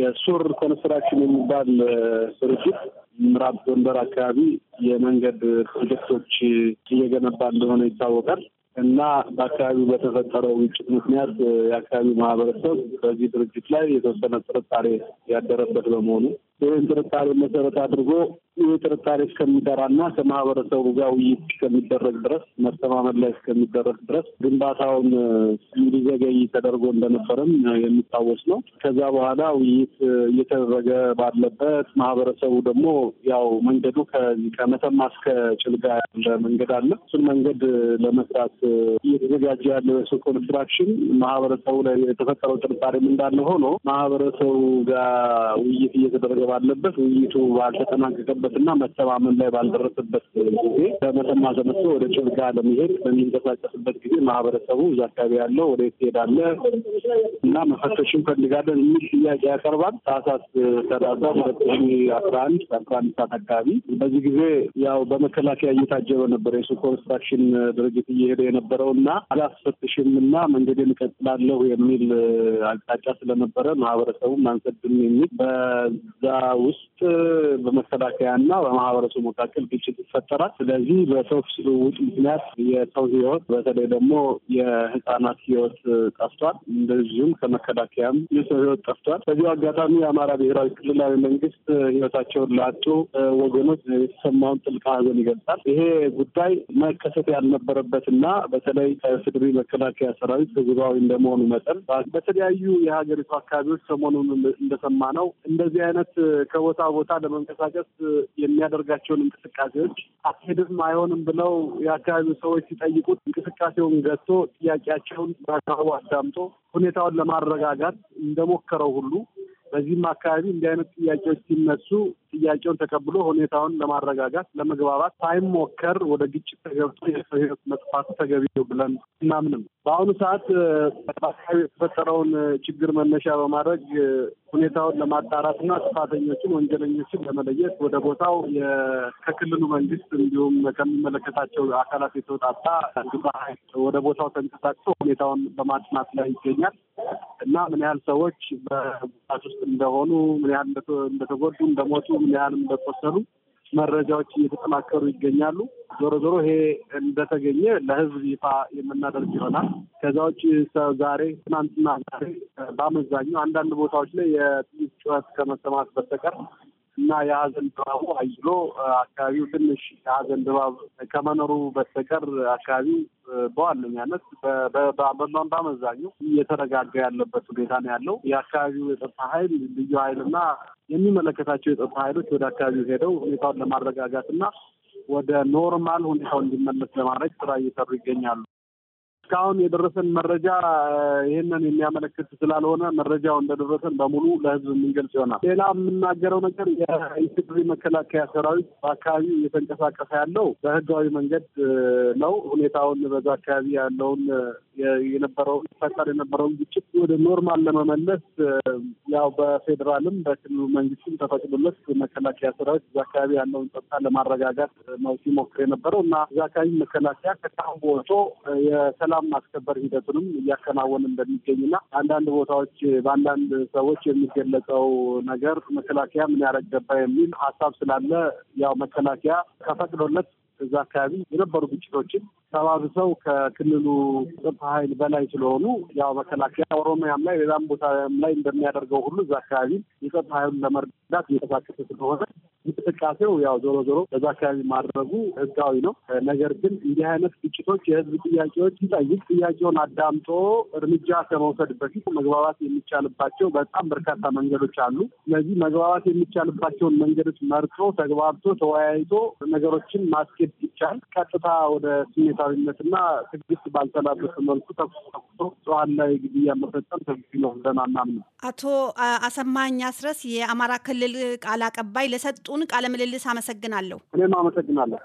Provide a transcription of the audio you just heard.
የሱር ኮንስትራክሽን የሚባል ድርጅት ምዕራብ ጎንደር አካባቢ የመንገድ ፕሮጀክቶች እየገነባ እንደሆነ ይታወቃል እና በአካባቢው በተፈጠረው ግጭት ምክንያት የአካባቢው ማህበረሰብ በዚህ ድርጅት ላይ የተወሰነ ጥርጣሬ ያደረበት በመሆኑ ይህን ጥርጣሬ መሰረት አድርጎ ይህ ጥርጣሬ እስከሚጠራና ከማህበረሰቡ ጋር ውይይት እስከሚደረግ ድረስ መስተማመን ላይ እስከሚደረግ ድረስ ግንባታውን እንዲዘገይ ተደርጎ እንደነበረም የሚታወስ ነው። ከዛ በኋላ ውይይት እየተደረገ ባለበት ማህበረሰቡ ደግሞ ያው መንገዱ ከመተማ እስከ ጭልጋ ያለ መንገድ አለ። እሱን መንገድ ለመስራት እየተዘጋጀ ያለው የሱ ኮንስትራክሽን ማህበረሰቡ ላይ የተፈጠረው ጥርጣሬም እንዳለ ሆኖ ማህበረሰቡ ጋር ውይይት እየተደረገ ባለበት ውይይቱ ባልተጠናቀቀበት ባልተጠናቀቀበትና መተማመን ላይ ባልደረሰበት ጊዜ በመተማ ተነስቶ ወደ ጭልጋ ለመሄድ በሚንቀሳቀስበት ጊዜ ማህበረሰቡ እዛ አካባቢ ያለው ወደ የት እና መፈተሽ እንፈልጋለን የሚል ጥያቄ ያቀርባል። ታህሳስ ሰላሳ ሁለት ሺ አስራ አንድ አስራ አንድ ሰዓት አካባቢ በዚህ ጊዜ ያው በመከላከያ እየታጀበ ነበር የሱ ኮንስትራክሽን ድርጅት እየሄደ የነበረው እና አላስፈትሽም እና መንገዴን እቀጥላለሁ የሚል አቅጣጫ ስለነበረ ማህበረሰቡም አንሰድም የሚል በዛ ውስጥ በመከላከያና በማህበረሰቡ መካከል ግጭት ይፈጠራል። ስለዚህ በተኩስ ልውውጥ ምክንያት የሰው ህይወት በተለይ ደግሞ የህፃናት ህይወት ጠፍቷል። እንደዚሁም ከመከላከያም የሰው ህይወት ጠፍቷል። በዚሁ አጋጣሚ የአማራ ብሔራዊ ክልላዊ መንግስት ህይወታቸውን ላጡ ወገኖች የተሰማውን ጥልቅ ሐዘን ይገልጻል። ይሄ ጉዳይ መከሰት ያልነበረበትና በተለይ ከፌደራል መከላከያ ሰራዊት ህዝባዊ እንደመሆኑ መጠን በተለያዩ የሀገሪቱ አካባቢዎች ሰሞኑን እንደሰማ ነው እንደዚህ አይነት ከቦታ ቦታ ለመንቀሳቀስ የሚያደርጋቸውን እንቅስቃሴዎች አትሄድም አይሆንም ብለው የአካባቢው ሰዎች ሲጠይቁት እንቅስቃሴውን ገጥቶ ጥያቄያቸውን በአግባቡ አዳምጦ ሁኔታውን ለማረጋጋት እንደሞከረው ሁሉ በዚህም አካባቢ እንዲህ አይነት ጥያቄዎች ሲነሱ ጥያቄውን ተቀብሎ ሁኔታውን ለማረጋጋት ለመግባባት ሳይሞከር ወደ ግጭት ተገብቶ የሰው ሕይወት መጥፋት ተገቢ ነው ብለን እናምንም። በአሁኑ ሰዓት በአካባቢ የተፈጠረውን ችግር መነሻ በማድረግ ሁኔታውን ለማጣራትና ጥፋተኞችን፣ ወንጀለኞችን ለመለየት ወደ ቦታው ከክልሉ መንግስት እንዲሁም ከሚመለከታቸው አካላት የተውጣጣ ግባ ወደ ቦታው ተንቀሳቅሶ ሁኔታውን በማጥናት ላይ ይገኛል። እና ምን ያህል ሰዎች በጉዳት ውስጥ እንደሆኑ፣ ምን ያህል እንደተጎዱ፣ እንደሞቱ፣ ምን ያህል እንደቆሰሉ መረጃዎች እየተጠናከሩ ይገኛሉ። ዞሮ ዞሮ ይሄ እንደተገኘ ለህዝብ ይፋ የምናደርግ ይሆናል። ከዛ ውጭ ዛሬ ትናንትና ዛሬ በአመዛኙ አንዳንድ ቦታዎች ላይ የጥይት ጩኸት ከመሰማት በስተቀር እና የሀዘን ድባቡ አይሎ አካባቢው ትንሽ የሀዘን ድባብ ከመኖሩ በስተቀር አካባቢው በዋነኛነት በአመዛኙ እየተረጋጋ ያለበት ሁኔታ ነው ያለው። የአካባቢው የጸጥታ ኃይል ልዩ ኃይልና የሚመለከታቸው የጸጥታ ኃይሎች ወደ አካባቢው ሄደው ሁኔታውን ለማረጋጋት እና ወደ ኖርማል ሁኔታው እንዲመለስ ለማድረግ ስራ እየሰሩ ይገኛሉ። እስካሁን የደረሰን መረጃ ይህንን የሚያመለክት ስላልሆነ መረጃው እንደደረሰን በሙሉ ለህዝብ የምንገልጽ ይሆናል። ሌላ የምናገረው ነገር የኢፌዴሪ መከላከያ ሰራዊት በአካባቢው እየተንቀሳቀሰ ያለው በህጋዊ መንገድ ነው። ሁኔታውን በዛ አካባቢ ያለውን የነበረው ይፈጠር የነበረውን ግጭት ወደ ኖርማል ለመመለስ ያው በፌዴራልም በክልሉ መንግስትም ተፈቅዶለት መከላከያ ሰራዊት እዛ አካባቢ ያለውን ጸጥታ ለማረጋጋት ነው ሲሞክር የነበረው እና እዛ አካባቢ መከላከያ ከካምፕ ወጥቶ የሰላም ማስከበር ሂደቱንም እያከናወን እንደሚገኝና አንዳንድ ቦታዎች በአንዳንድ ሰዎች የሚገለጸው ነገር መከላከያ ምን ያረገባ የሚል ሀሳብ ስላለ ያው መከላከያ ተፈቅዶለት እዛ አካባቢ የነበሩ ግጭቶችን ተባብሰው ከክልሉ ጸጥታ ኃይል በላይ ስለሆኑ ያው መከላከያ ኦሮሚያም ላይ ሌላም ቦታ ላይ እንደሚያደርገው ሁሉ እዛ አካባቢ የጸጥታ ኃይሉን ለመርዳት እየተሳከሰ ስለሆነ እንቅስቃሴው ያው ዞሮ ዞሮ በዛ አካባቢ ማድረጉ ህጋዊ ነው። ነገር ግን እንዲህ አይነት ግጭቶች የህዝብ ጥያቄዎች ሲጠይቅ ጥያቄውን አዳምጦ እርምጃ ከመውሰድ በፊት መግባባት የሚቻልባቸው በጣም በርካታ መንገዶች አሉ። ስለዚህ መግባባት የሚቻልባቸውን መንገዶች መርጦ ተግባብቶ ተወያይቶ ነገሮችን ማስኬድ ይቻል። ቀጥታ ወደ ስሜታዊነትና ትዕግስት ባልተላበት መልኩ ተኩስ ተኩሶ ጽዋን ላይ ግድያ መፈጸም ተገቢ ነው ብለን አናምንም። አቶ አሰማኝ አስረስ የአማራ ክልል ቃል አቀባይ ለሰጡ ስለሰጡን ቃለ ምልልስ አመሰግናለሁ። እኔም አመሰግናለሁ።